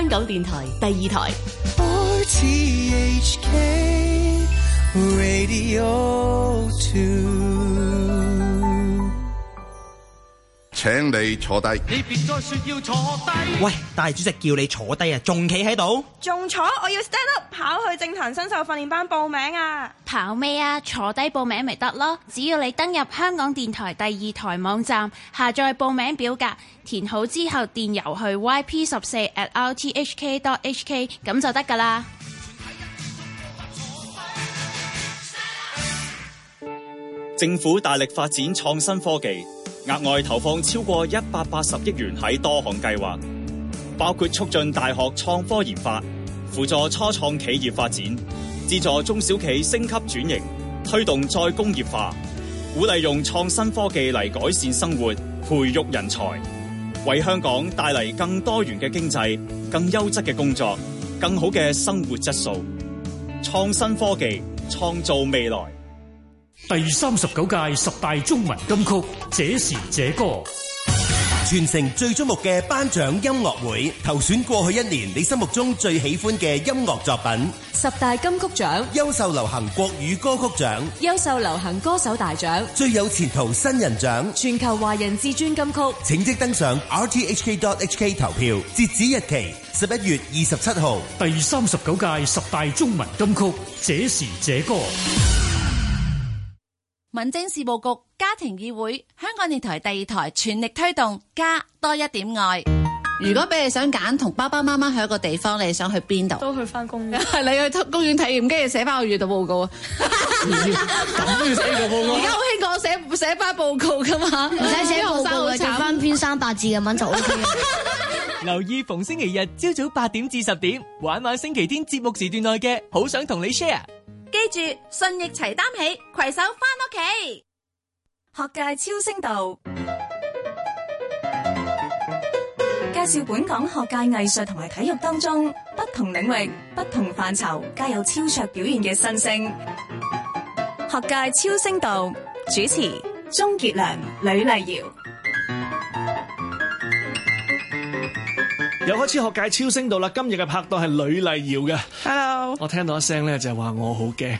香港電台第二台。RTHK Radio 2。請你坐低。你別再說要坐低。喂，大主席叫你坐低啊，仲企喺度？仲坐？我要 stand up，跑去政壇新秀訓練班報名啊！跑咩啊？坐低報名咪得咯。只要你登入香港電台第二台網站，下載報名表格，填好之後電郵去 yp 十四 at rthk.hk，咁就得噶啦。政府大力發展創新科技，額外投放超過一百八十億元喺多項計劃，包括促進大學創科研發、輔助初創企業發展、資助中小企升級轉型、推動再工業化、鼓勵用創新科技嚟改善生活、培育人才，為香港帶嚟更多元嘅經濟、更優質嘅工作、更好嘅生活質素。創新科技創造未來。第三十九屆十大中文金曲，這時這歌，全城最矚目嘅頒獎音樂會，投選過去一年你心目中最喜歡嘅音樂作品，十大金曲獎，優秀流行國語歌曲獎，優秀流行歌手大獎，最有前途新人獎，全球華人至尊金曲，請即登上 r t h k dot h k 投票，截止日期十一月二十七號，第三十九屆十大中文金曲，這時這歌。民政事務局家庭議會，香港電台第二台全力推動，加多一點愛。嗯、如果俾你想揀同爸爸媽媽去一個地方，你想去邊度？都去翻公園。 你去公園體驗，跟住寫翻個閱讀報告啊！咁 都 要寫閱讀報告？而家好興講寫寫翻報告噶嘛？唔使寫報告，寫翻篇三百字咁樣就 ok 留意逢星期日朝早八點至十點，玩玩星期天節目時段內嘅好想同你 share。記住，信義齊擔起，攜手返屋企。學界超星道，介紹本港學界藝術同埋體育當中不同領域、不同範疇皆有超卓表現嘅新星。學界超星道主持：鍾傑良、呂麗瑤。又開始學界超聲度啦！今日嘅拍檔係呂麗瑤嘅，Hello，我聽到一聲咧，就係話我好驚，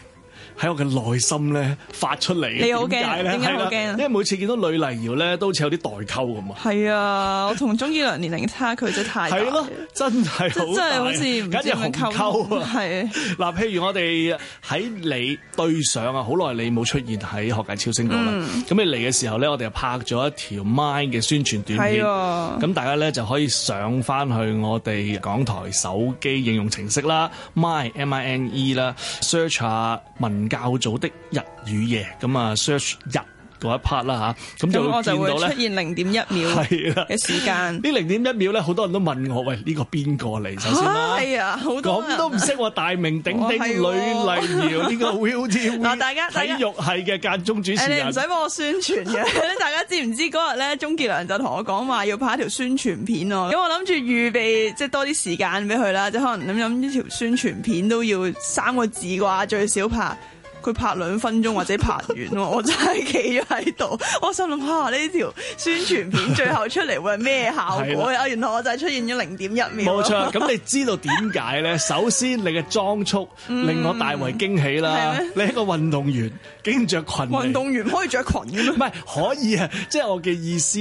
喺我嘅內心咧發出嚟，你好驚？點解好驚？因為每次見到呂麗瑤咧，都好似有啲代溝咁啊！係啊，我同鍾傑良年齡差距真係太大咯，真係真係好似唔止溝溝啊！係嗱，譬如我哋喺你對上啊，好耐你冇出現喺學界超星度啦。咁你嚟嘅時候咧，我哋又拍咗一條 Mine 嘅宣傳短片，咁大家咧就可以上翻去我哋港台手機應用程式啦，Mine M I N E 啦，search 下問。較早的日與夜咁啊，search 日嗰一 part 啦吓，咁就會見到出現零點一秒嘅時間。呢零點一秒咧，好多人都問我：喂，呢個邊個嚟？首先好多咁都唔識我大名鼎鼎呂麗瑤呢個 Willie 嗱大家體育係嘅間中主持人你唔使幫我宣傳嘅。大家知唔知嗰日咧，鍾傑良就同我講話要拍一條宣傳片喎。咁我諗住預備即係多啲時間俾佢啦，即可能諗諗呢條宣傳片都要三個字啩，最少拍。佢拍兩分鐘或者拍完， 我真係企咗喺度，我心諗下呢條宣傳片最後出嚟會係咩效果的啊？原來我就係出現咗零點一秒。冇錯，咁你知道點解咧？ 首先你嘅裝束令我大為驚喜啦！嗯、你係個運動員，竟然着裙。運動員可以着裙嘅咩？唔係 可以啊！即、就、係、是、我嘅意思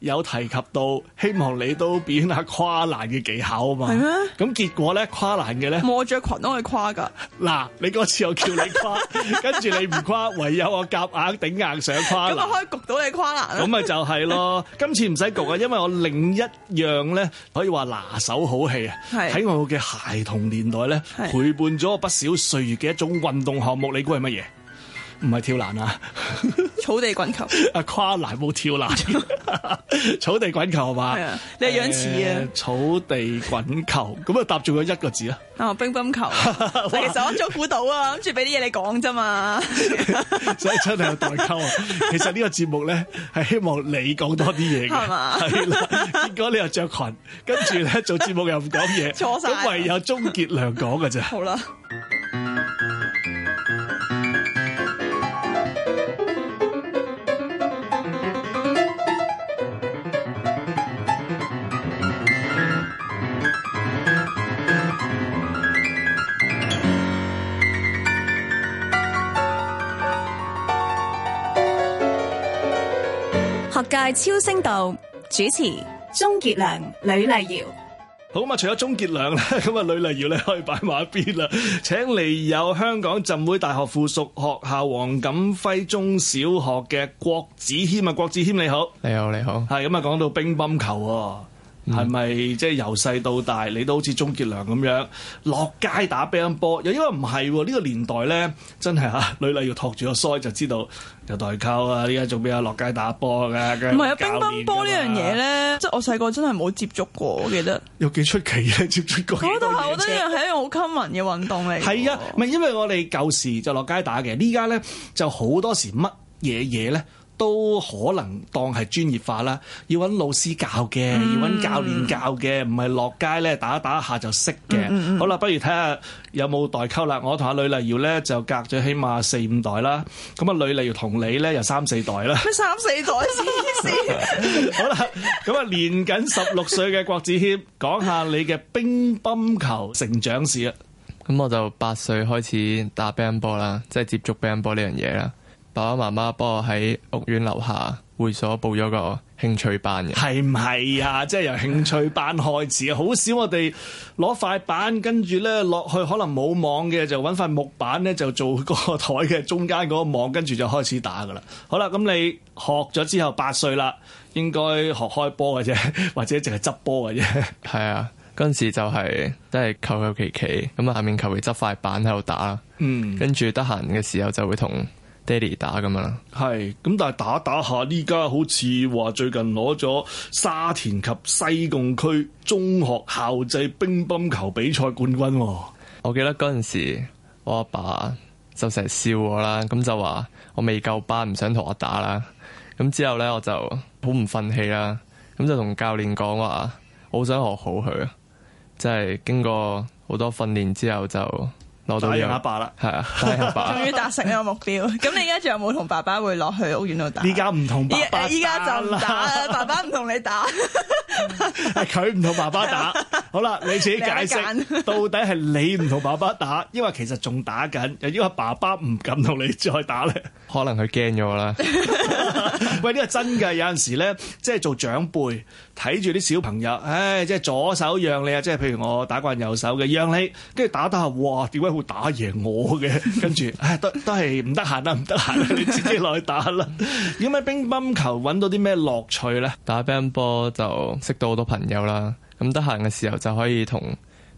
有提及到，希望你都表演下跨欄嘅技巧啊嘛。係咩嗎？咁結果咧，跨欄嘅咧，我着裙都可以跨㗎。嗱，你嗰次又叫你跨。跟住你唔跨，唯有我夾硬頂硬上跨欄。咁咪可以焗到你跨欄咯。咁咪就係咯， 今次唔使焗啊，因為我另一樣咧可以話拿手好戲啊，係喺是我嘅孩童年代咧陪伴咗我不少歲月嘅一種運動項目，是你估係乜嘢？唔係跳欄啊，草地滾球。啊，跨欄冇跳欄，草地滾球係嘛？你係樣似啊。草地滾球，咁啊答中咗一個字啊。啊、哦、乒乓球，我 其實玩咗估到啊，諗住俾啲嘢你講啫嘛。所以真係有代溝啊。 其實個節呢個節目咧，係希望你講多啲嘢嘅。係啦是吧， 結果你又着裙，跟住咧做節目又唔講嘢，咁了唯有鍾傑良講噶咋。 好啦。界超聲道主持鍾傑良、呂麗瑤，好嘛？除咗鍾傑良咧，咁啊呂麗瑤你可以擺埋一邊啦， 請嚟有香港浸會大學附屬學校王錦輝中小學嘅郭子謙啊，郭子謙你，你好，你好你好，係咁啊，講到乒乓球啊。係咪、嗯、即係由細到大，你都好似鍾傑良咁樣落街打乒乓波？又因為唔係呢個年代咧，真係吓，女仔要托住個腮就知道有代溝啊！依家仲邊有落街打波啊！唔係啊，乒乓波呢樣嘢咧，即係我細個真係冇接觸過，我記得。有幾出奇啊！接觸過。我覺得係，我覺得一樣係一樣好 common 嘅運動嚟。係 啊，唔係因為我哋舊時就落街打嘅，依家咧就好多時乜嘢嘢咧。都可能當係專業化啦，要揾老師教嘅，嗯、要揾教練教嘅，唔係落街咧打一打一下就識嘅。嗯、好啦，不如睇下有冇代溝啦。我同阿呂麗瑤咧就隔咗起碼四五代啦，咁啊呂麗瑤同你咧又三四代啦。咩三四代先？ 好啦，咁啊年僅十六歲嘅郭子謙，講下你嘅乒乓球成長史啊。咁 我就八歲開始打乒乓波啦，即係接觸乒乓波呢樣嘢啦。爸爸媽媽幫我喺屋苑樓下會所報咗個興趣班嘅，係唔係啊？即係由興趣班開始，好 少我哋攞塊板，跟住咧落去可能冇網嘅，就搵塊木板咧就做個台嘅中間嗰個網，跟住就開始打噶啦。好啦，咁你學咗之後八歲啦，應該學開波嘅啫，或者淨係執波嘅啫。係啊，嗰陣時就係都係求求其其咁啊，下面求其執塊板喺度打，嗯，跟住得閒嘅時候就會同。爹哋打咁樣啦，係咁，但係打打下，呢家好似話最近攞咗沙田及西貢區中學校際乒乓球比賽冠軍。我記得嗰陣時，我阿爸就成日笑我啦，咁就話我未夠班，唔想同我打啦。咁之後呢，我就好唔忿氣啦，咁就同教練講話，我好想學好佢，即係經過好多訓練之後就。打贏阿爸啦，係啊，阿爸終於達成個目標。咁你而家仲有冇同爸爸會落去屋苑度打？依家唔同爸爸打，依家就唔打， 爸爸唔同你打，佢唔同爸爸打。好啦，你自己解釋，到底係你唔同爸爸打，抑或其實仲打緊，又因為爸爸唔敢同你再打咧？ 可能佢驚咗啦。 喂，呢、呢個真嘅，有陣時咧，即係做長輩。睇住啲小朋友，唉，即係左手讓你啊！即係譬如我打慣右手嘅，讓你跟住打打下，哇！點解會打贏我嘅？跟住，唉，都都係唔得閒啦，唔得閒啦，你自己落去打啦！點解乒乓球揾到啲咩樂趣咧？打乒乓波就識到好多朋友啦，咁得閒嘅時候就可以同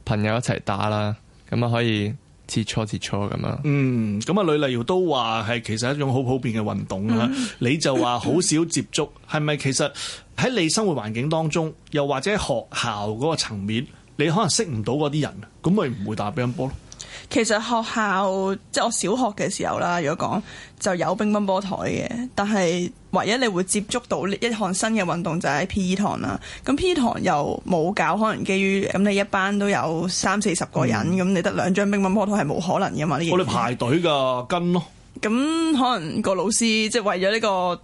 朋友一齊打啦，咁啊可以。切磋切磋咁樣，自初自初嗯，咁啊，呂麗瑤都話係其實一種好普遍嘅運動啦。嗯、你就話好少接觸，係咪？ 其實喺你生活環境當中，又或者學校嗰個層面，你可能識唔到嗰啲人，咁咪唔會打乒乓波咯？其實學校即係我小學嘅時候啦，如果講就有乒乓波台嘅，但係唯一你會接觸到一項新嘅運動就係喺 P.E. 堂啦。咁 P.E. 堂又冇搞，可能基於咁你一班都有三四十個人，咁、嗯、你得兩張乒乓波台係冇可能嘅嘛？呢啲我哋排隊㗎，跟咯。咁可能個老師即係為咗呢、呢個。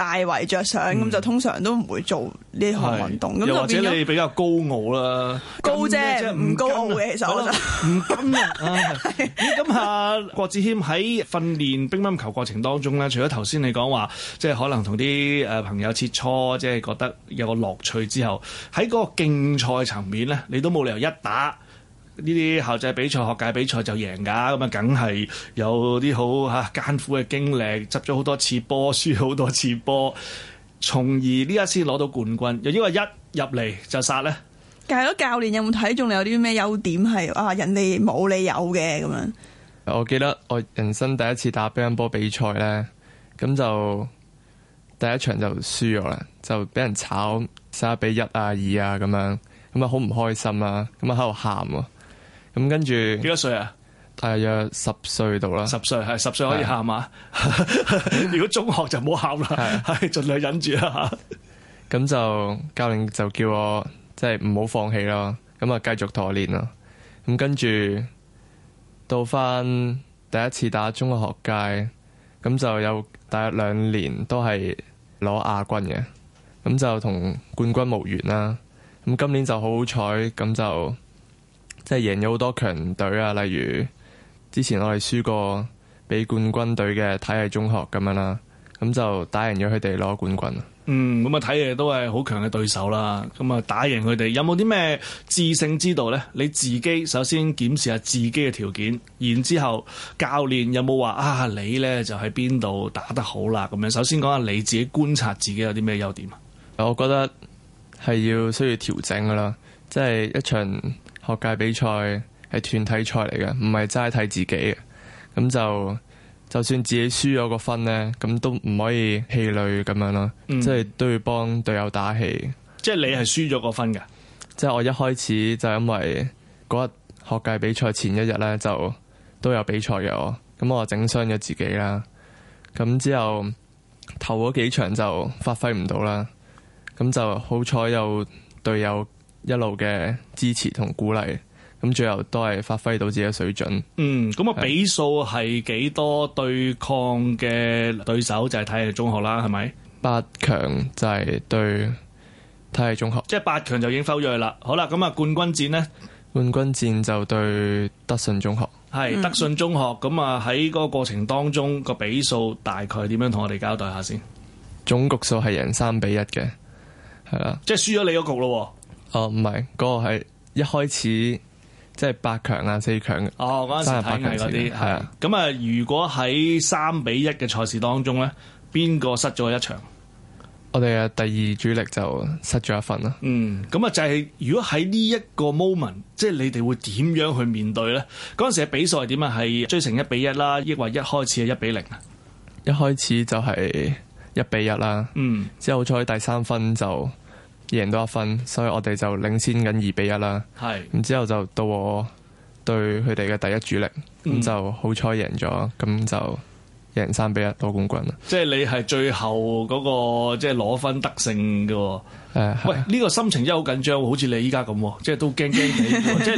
大圍着想，咁就通常都唔會做呢行運動。咁又是或者你比較高傲啦，高啫，唔高傲嘅其實。唔高啊！咁對啊，郭子謙喺訓練乒乓球過程當中咧，除咗頭先你講話，即係可能同啲誒朋友切磋，即係覺得有個樂趣之後，喺嗰個競賽層面咧，你都冇理由一打。呢啲校際比賽、學界比賽就贏㗎，咁啊梗係有啲好嚇艱苦嘅經歷，執咗好多次波，輸好多次波，從而呢一次攞到冠軍。又因為一入嚟就殺咧，但係咯，教練有冇睇中你有啲咩優點係啊？人哋冇理由嘅咁樣。我記得我人生第一次打乒乓波比賽咧，咁就第一場就輸咗啦，就俾人炒三比一啊二啊咁樣，咁啊好唔開心啊，咁啊喺度喊喎。咁跟住幾多歲啊？大約十歲到啦。十歲係十歲可以喊嘛？ 如果中學就唔好喊啦，係盡 是 量忍住啦。咁 就教練就叫我即係唔好放棄咯。咁啊，繼續同我練咯。咁跟住到翻第一次打中學界，咁就有大約兩年都係攞亞軍嘅。咁就同冠軍無緣啦。咁今年就好彩，咁就。即係贏咗好多強隊啊，例如之前我哋輸過畀冠軍隊嘅體藝中學咁樣啦，咁就打贏咗佢哋攞冠軍。嗯，咁啊，睇嚟都係好強嘅對手啦。咁啊，打贏佢哋有冇啲咩制勝之道呢？你自己首先檢視下自己嘅條件，然之後教練有冇話啊你呢就喺邊度打得好啦？咁樣首先講下你自己觀察自己有啲咩優點啊？我覺得係要需要調整噶啦，即係一場。學界比賽係團體賽嚟嘅，唔係齋睇自己嘅，咁就就算自己輸咗個分呢，咁都唔可以氣餒咁樣咯，嗯、即係都要幫隊友打氣。即係你係輸咗個分噶？即係我一開始就因為嗰日學界比賽前一日呢，就都有比賽嘅我，咁我整傷咗自己啦，咁之後頭嗰幾場就發揮唔到啦，咁就好彩有隊友。一路嘅支持同鼓勵，咁最後都係發揮到自己嘅水準。嗯，咁啊，比數係幾多？對抗嘅對手就係體育中學啦，係咪？八強就係對體育中學，即係八強就已經 foul 咗啦。好啦，咁啊冠軍戰呢？冠軍戰就對德信中學，係德信中學。咁啊喺嗰個過程當中個比數大概點樣？同我哋交代下先。總局數係贏三比一嘅，係啦。即係輸咗你嗰局咯。哦，唔係，嗰、嗰個係一開始即係八強啊，四強嘅。哦，嗰陣時睇嘅嗰啲係啊。咁啊，的如果喺三比一嘅賽事當中咧，邊個失咗一場？我哋嘅第二主力就失咗一分啦。嗯，咁啊，就係如果喺呢一個 moment，即係你哋會點樣去面對咧？嗰陣時嘅比賽點啊？係追成一比一啦，抑或一開始係一比零啊？一開始就係一比一啦。嗯，之後再第三分就。贏到一分，所以我哋就領先緊二比一啦是。係，然之後就到我對佢哋嘅第一主力，咁、嗯、就好彩贏咗，咁就贏三比一攞冠軍啦。即係你係最後嗰、嗰個，即係攞分得勝嘅。誒，喂，呢個心情真係好緊張，好似你依家咁，即係都驚驚地。 即係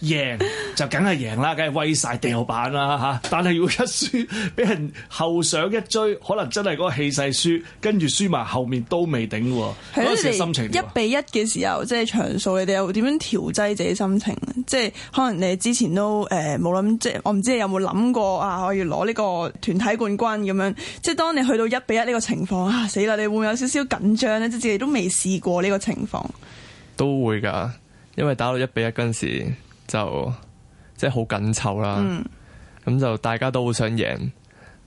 你贏就梗係贏啦，梗係威曬掉板啦吓。但係如果一輸，俾人後上一追，可能真係嗰個氣勢輸，跟住輸埋後面都未頂喎。嗰時心情一比一嘅時候，即係場數，你哋又點樣調劑自己心情？即係可能你之前都誒冇諗，即係我唔知你有冇諗過啊，我要攞呢個團體冠軍咁樣。即係當你去到一比一呢個情況啊，死啦！你會唔會有少少緊張咧？即係自己都未試。過呢個情況都會噶，因為打到一比一嗰陣時就即係好緊湊啦。咁、嗯、就大家都好想贏，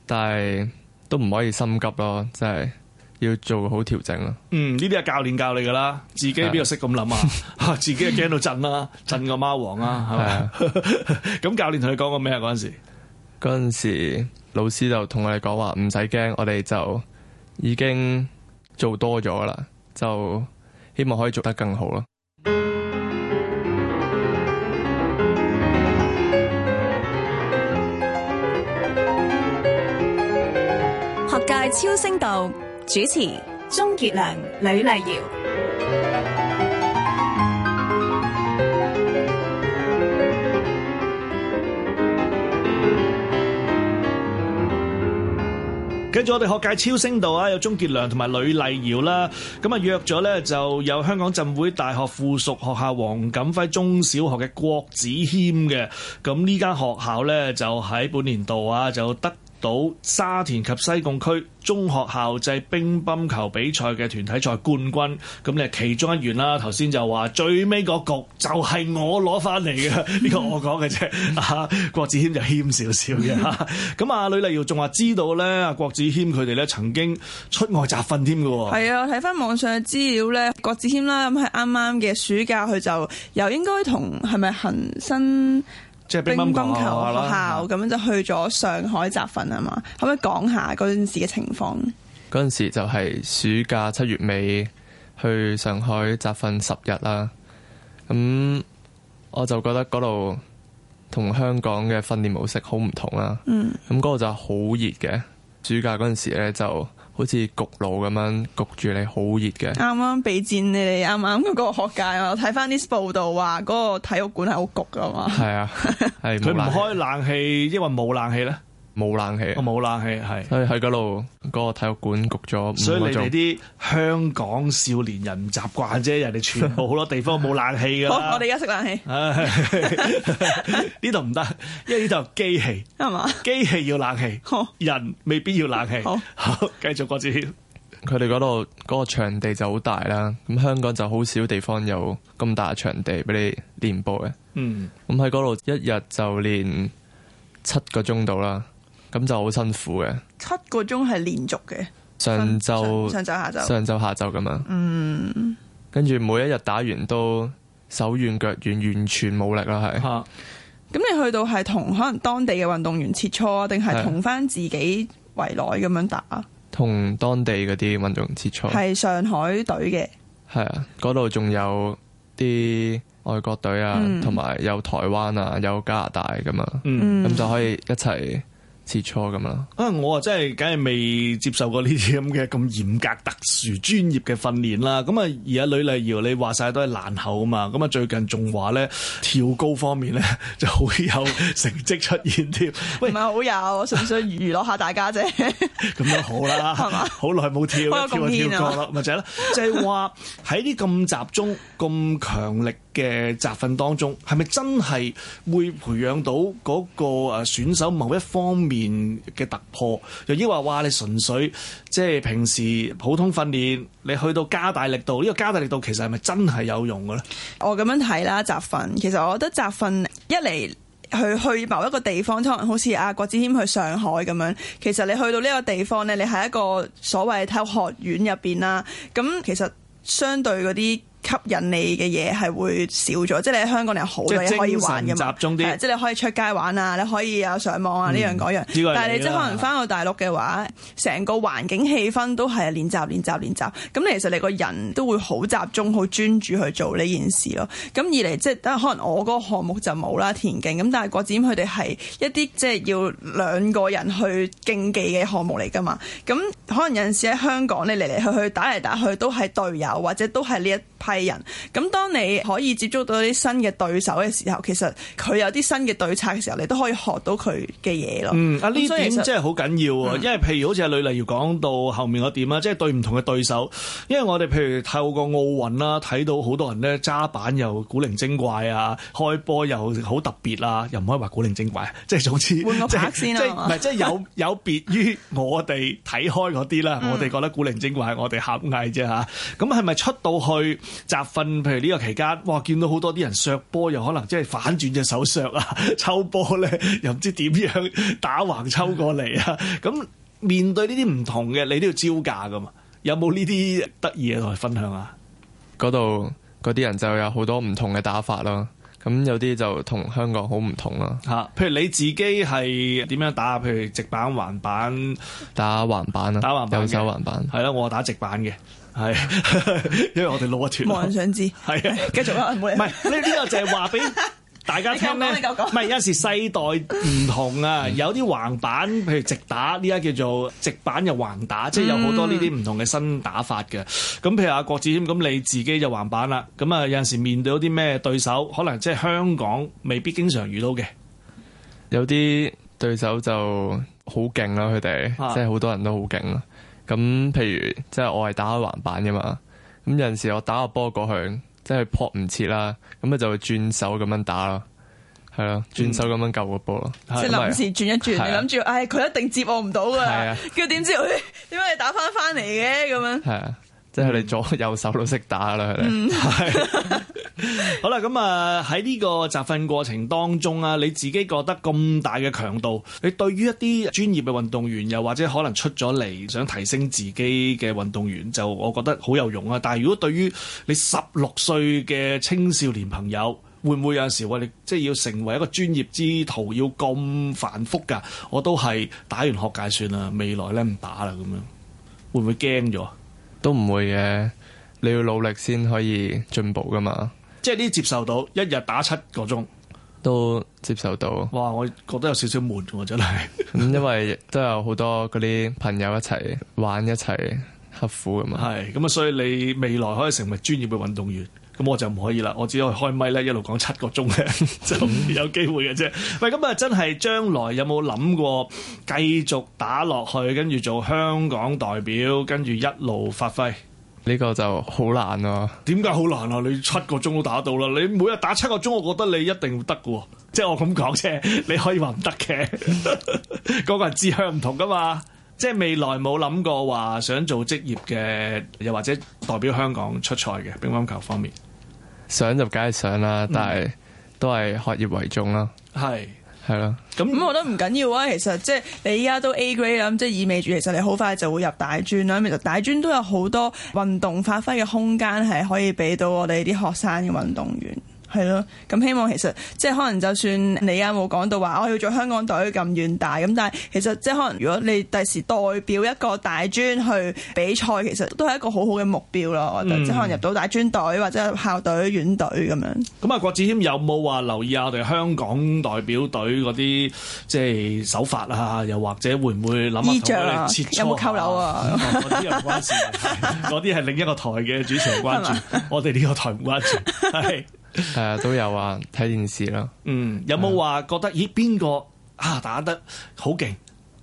但係都唔可以心急咯，即、就、係、是、要做好調整啦。嗯，呢啲係教練教你噶啦，自己邊度識咁諗啊？對 自己又驚到震啦，震個貓王啊？係啊。咁對 教練同你講過咩啊？嗰陣時，嗰陣 時，時老師就同我哋講話，唔使驚，我哋就已經做多咗啦。就希望可以做得更好咯。學界超聲道主持，鍾傑良、呂麗瑤。跟住我哋學界超聲度啊，有鍾傑良同埋呂麗瑤啦，咁啊約咗咧，就有香港浸會大學附屬學校王錦輝中小學嘅郭子謙嘅，咁呢間學校咧就喺本年度啊就得到沙田及西貢區中學校際乒乓球比賽嘅團體賽冠軍，咁你係其中一員啦。頭先就話最尾個局就係我攞翻嚟嘅，呢個我講嘅啫。 啊，郭子謙就謙少少嘅嚇。咁 啊，呂麗瑤仲話知道咧，啊，郭子謙佢哋咧曾經出外集訓添㗎。係啊，睇翻網上嘅資料咧，郭子謙啦，咁係啱啱嘅暑假，佢就又應該同係咪恆生？即乒乓球學校咁、哦、樣就去咗上海集訓啊嘛，的可唔可以講下嗰陣時嘅情況？嗰陣時就係暑假七月尾去上海集訓十日啦，咁我就覺得嗰度同香港嘅訓練模式好唔同啦。嗯，咁嗰度就好熱嘅，暑假嗰陣時咧就。好似焗爐咁樣焗住你，好熱嘅。啱啱備戰，你哋啱啱嗰個學界，我睇翻啲報道話，嗰個體育館係好焗噶嘛。係 啊，佢唔 開冷氣，因為冇冷氣咧。冇冷氣，我冇冷氣，係喺喺嗰度，嗰個體育館焗咗。所以你哋啲香港少年人唔習慣啫，人哋全部好多地方冇冷氣噶啦。我哋而家食冷氣，呢度唔得，因為呢度機器係嘛，機嗎器要冷氣，好人未必要冷氣。好，繼好續郭子謙。佢哋嗰度嗰個場地就好大啦，咁香港就好少地方有咁大場地俾你練波嘅。嗯，咁喺嗰度一日就練七個鐘度啦。咁就好辛苦嘅，七個鐘係連續嘅週，上晝上晝下晝上晝下晝咁啊，嗯，跟住，每一日打完都手軟腳軟，完全冇力啦，係，咁、啊、你去到係同可能當地嘅運動員切磋啊，定係同翻自己圍內咁樣打？同當地嗰啲運動員切磋，係是上海隊嘅，係啊，嗰度仲有啲外國隊啊，同埋、嗯、有台灣啊，有加拿大咁啊，咁、嗯嗯、就可以一齊。切磋咁咯，啊、嗯、我啊真係，梗係未接受過呢啲咁嘅咁嚴格、特殊專、專業嘅訓練啦。咁啊而家呂麗瑤，你話晒都係欄後啊嘛。咁啊最近仲話咧跳高方面咧就會有成績出現添。喂唔係好有，我想唔想娛樂下大家啫？咁 樣好啦，係好耐冇跳一 跳就跳，就跳高咯，咪 就係咯，就係話喺啲咁集中、咁強力。嘅集訓當中，係咪真係會培養到嗰個誒選手某一方面嘅突破？又抑或話你純粹即係平時普通訓練，你去到加大力度，呢、這個加大力度其實係咪真係有用嘅呢？我咁樣睇啦，集訓其實我覺得集訓一嚟去去某一個地方，可能好似阿郭子謙去上海咁樣，其實你去到呢個地方咧，你係一個所謂體育學院入邊啦，咁其實相對嗰啲。吸引你嘅嘢係會少咗，即係你喺香港你有好多嘢可以玩嘅嘛，集中啲即係你可以出街玩啊，你可以啊上網啊呢樣嗰樣。但係你即係可能翻到大陸嘅話，成、嗯、個環境氣氛都係練習練習練習，咁其實你個人都會好集中、好專注去做呢件事咯。咁二嚟即係可能我嗰個項目就冇啦，田徑。咁但係國展佢哋係一啲即係要兩個人去競技嘅項目嚟噶嘛。咁可能有陣時喺香港你嚟嚟去去打嚟打去都係隊友或者都係呢一批嘅人，咁當你可以接觸到啲新嘅對手嘅時候，其實佢有啲新嘅對策嘅時候，你都可以學到佢嘅嘢咯。嗯，啊呢點真係好緊要啊，以實因為譬如好似阿呂麗瑤講到後面嗰點啊，即係對唔同嘅對手，因為我哋譬如透過奧運啦，睇到好多人咧揸板又古靈精怪啊，開波又好特別啊，又唔可以話古靈精怪，即係總之即係即係即係有有別於我哋睇開嗰啲啦， 我哋覺得古靈精怪我哋狹隘啫吓。咁係咪出到是是是出去？集訓，譬如呢個期間，哇，見到好多啲人削波，又可能即係反轉隻手削啊， 抽波咧，又唔知點樣打橫抽過嚟啊！咁 面對呢啲唔同嘅，你都要招架噶嘛？有冇呢啲得意嘅同佢分享啊？嗰度嗰啲人就有好多唔同嘅打法咯。咁有啲就同香港好唔同啦，啊。嚇、啊，譬如你自己係點樣打？譬如直板、橫板，打橫板啊，打橫板、右手橫板。係咯，我打直板嘅。係， 因為我哋老一輩冇人想知。係啊，繼續唔係呢？呢個就係話俾大家聽咧。唔係有陣時世代唔同啊， 有啲橫板，譬如直打，呢家叫做直板又橫打，嗯、即係有好多呢啲唔同嘅新打法嘅。咁譬如阿郭子謙，咁你自己就橫板啦。咁啊，有陣時面對啲咩對手，可能即係香港未必經常遇到嘅。有啲對手就好勁啦，佢哋即係好多人都好勁啦。 咁譬如即係我係打開橫板嘅嘛，咁有陣時我打個波過去，即係撲唔切啦，咁咪就會轉手咁樣打咯，係咯、嗯，的轉手咁樣救個波咯，即係臨時轉一轉，是的 你諗住，唉、哎，佢一定接我唔到㗎。結果點知佢點解你打翻翻嚟嘅咁樣？是的 即係你左右手都識打啦，係、嗯、 好啦。咁啊，喺呢個集訓過程當中啊，你自己覺得咁大嘅強度，你對於一啲專業嘅運動員又，又或者可能出咗嚟，想提升自己嘅運動員，就我覺得好有用啊。但係如果對於你十六歲嘅青少年朋友，會唔會有陣時話你即係要成為一個專業之徒，要咁繁複噶？我都係打完學界算啦，未來咧唔打啦，咁樣會唔會驚咗？都唔會嘅，你要努力先可以進步㗎嘛。即係啲接受到，一日打七個鐘都接受到。哇，我覺得有少少悶喎，真係。咁 因為都有好多嗰啲朋友一齊玩一齊刻苦㗎嘛。係，咁啊，所以你未來可以成為專業嘅運動員。咁我就唔可以啦，我只可以開麥咧一路講七個鐘嘅 就有機會嘅啫。喂， 咁啊真係將來有冇諗過繼續打落去，跟住做香港代表，跟住一路發揮？呢個就好難咯啊。點解好難啊？你七個鐘都打到啦，你每日打七個鐘，我覺得你一定得嘅。即、就、係、是、我咁講啫，你可以話唔得嘅，嗰 個人志向唔同噶嘛。即、就、係、是、未來冇諗過話想做職業嘅，又或者代表香港出賽嘅乒乓球方面。想就梗係想啦，但係都係學業為重咯。係係咯，咁咁我覺得唔緊要啊。其實即係你依家都 A grade 啦，咁即係意味住其實你好快就會入大專啦。咁其實大專都有好多運動發揮嘅空間，係可以俾到我哋啲學生嘅運動員。係咯，咁希望其實即係可能就算你有冇講到話我要做香港隊咁遠大咁，但係其實即係可能如果你第時代表一個大專去比賽，其實都係一個好好嘅目標咯。我覺得即係可能入到大專隊或者校隊、院隊咁樣。咁啊、嗯嗯，郭子謙有冇話留意下我哋香港代表隊嗰啲即係手法啊，又或者會唔會諗啊同佢哋切磋啊？嗰啲又唔關事，嗰啲係另一個台嘅主持人關注，吧我哋呢個台唔關注。係 啊，都有啊，睇電視啦。嗯，有冇話覺得咦邊個啊打得好勁？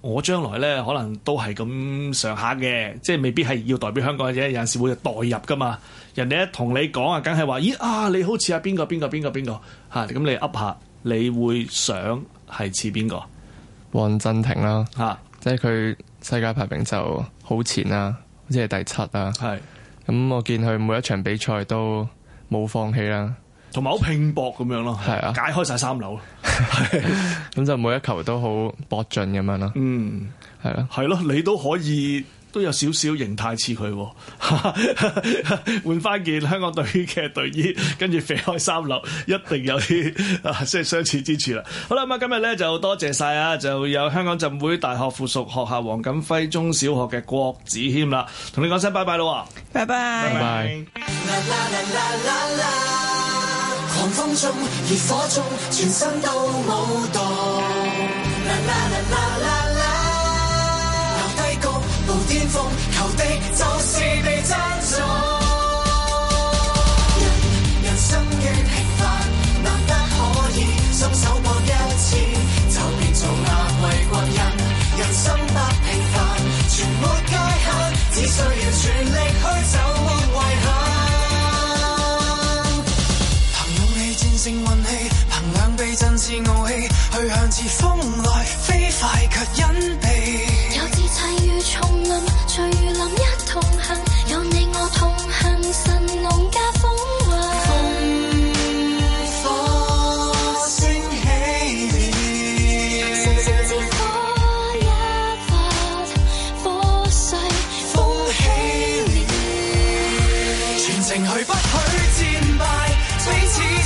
我將來咧可能都係咁上下嘅，即係未必係要代表香港嘅，啫。有陣時會代入噶嘛。人哋一同你講啊，梗係話咦啊，你好似啊邊個邊個邊個邊個吓，咁你 up 下，你會想係似邊個？黃鎮廷啦，吓、啊，即係佢世界排名就好前啊，即係第七啊。係是，咁我見佢每一場比賽都冇放棄啦。同埋好拼搏咁樣咯，係啊，解開晒三樓，咁 就每一球都好搏盡咁樣咯。嗯，係咯，係咯，你都可以都有少少形態似佢，換翻件香港隊嘅隊衣，跟住甩開三樓，一定有啲即係相似之處啦。好啦，咁啊今日咧就多謝晒啊，就有香港浸會大學附屬學校王錦輝中小學嘅郭子謙啦，同你講聲拜拜啦，拜拜，拜拜。 狂風中，熱火中，全身都舞動。啦啦啦啦啦啦，由低谷到巔峰，求的就是被真。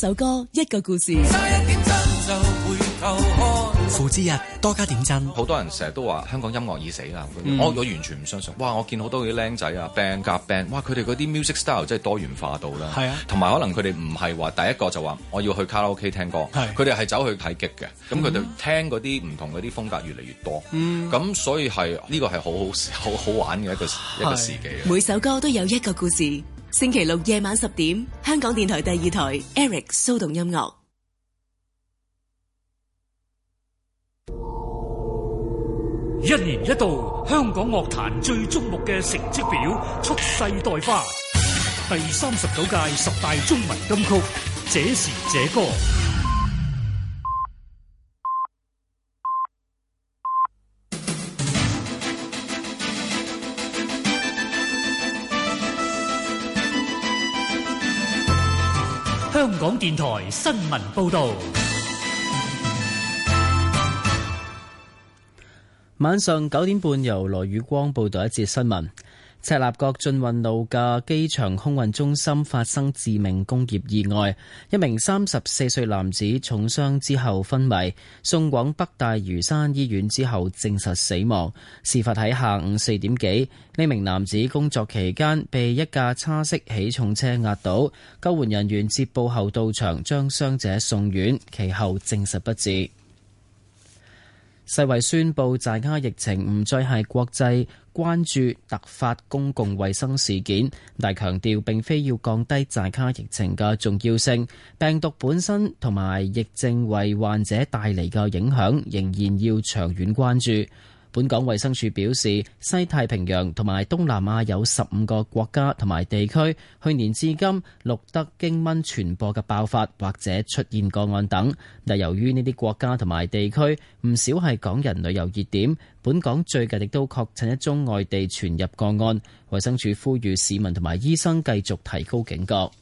首歌一個故事。一就回頭看。付之日，多加點讚。好多人成日都話香港音樂已死啦，嗯、我完全唔相信。哇，我見好多啲僆仔啊，band 夾 band, band，哇，佢哋嗰啲 music style 真係多元化到啦。係啊，同埋可能佢哋唔係話第一個就話我要去卡拉 OK 聽歌，佢哋係走去睇 gig 嘅。咁佢哋聽嗰啲唔同嗰啲風格越嚟越多。咁、嗯、所以係呢、這個係好好好好玩嘅一個一個時機。是每首歌都有一個故事。星期六夜晚十點，香港電台第二台 Eric 騷動音樂。一年一度香港樂壇最矚目嘅成績表，蓄勢待發。第三十九屆十大中文金曲，這時這歌。香港電台新聞報道。晚上九點半，由羅宇光報道一節新聞。赤鱲角進運路嘅機場空運中心發生致命工業意外，一名三十四歲男子重傷之後昏迷，送往北大嶼山醫院之後證實死亡。事發喺下午四點幾，呢名男子工作期間被一架叉式起重車壓倒，救援人員接報後到場將傷者送院，其後證實不治。世衛宣布，大家疫情唔再係國際。關注突發公共衛生事件，但強調並非要降低寨卡疫情嘅重要性。病毒本身同埋疫症為患者帶嚟嘅影響，仍然要長遠關注。本港衛生署表示，西太平洋同埋東南亞有十五個國家同埋地區，去年至今錄得經蚊傳播嘅爆發或者出現個案等。但由於呢啲國家同埋地區唔少係港人旅遊熱點，本港最近亦都確診一宗外地傳入個案。衛生署呼籲市民同埋醫生繼續提高警覺。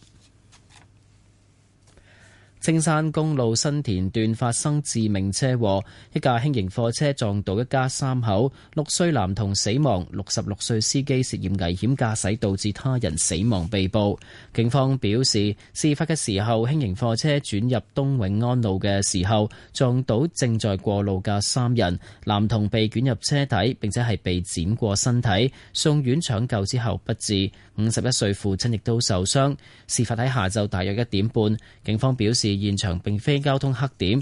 青山公路新田段發生致命車禍，一架輕型貨車撞到一家三口，六歲男童死亡，六十六歲司機涉嫌危險駕駛導致他人死亡被捕。警方表示，事發嘅時候，輕型貨車轉入東永安路嘅時候，撞到正在過路嘅三人，男童被捲入車底，並且係被剪過身體，送院搶救之後不治。五十一歲父親亦都受傷。事發喺下晝大約一點半，警方表示，現場並非交通黑點。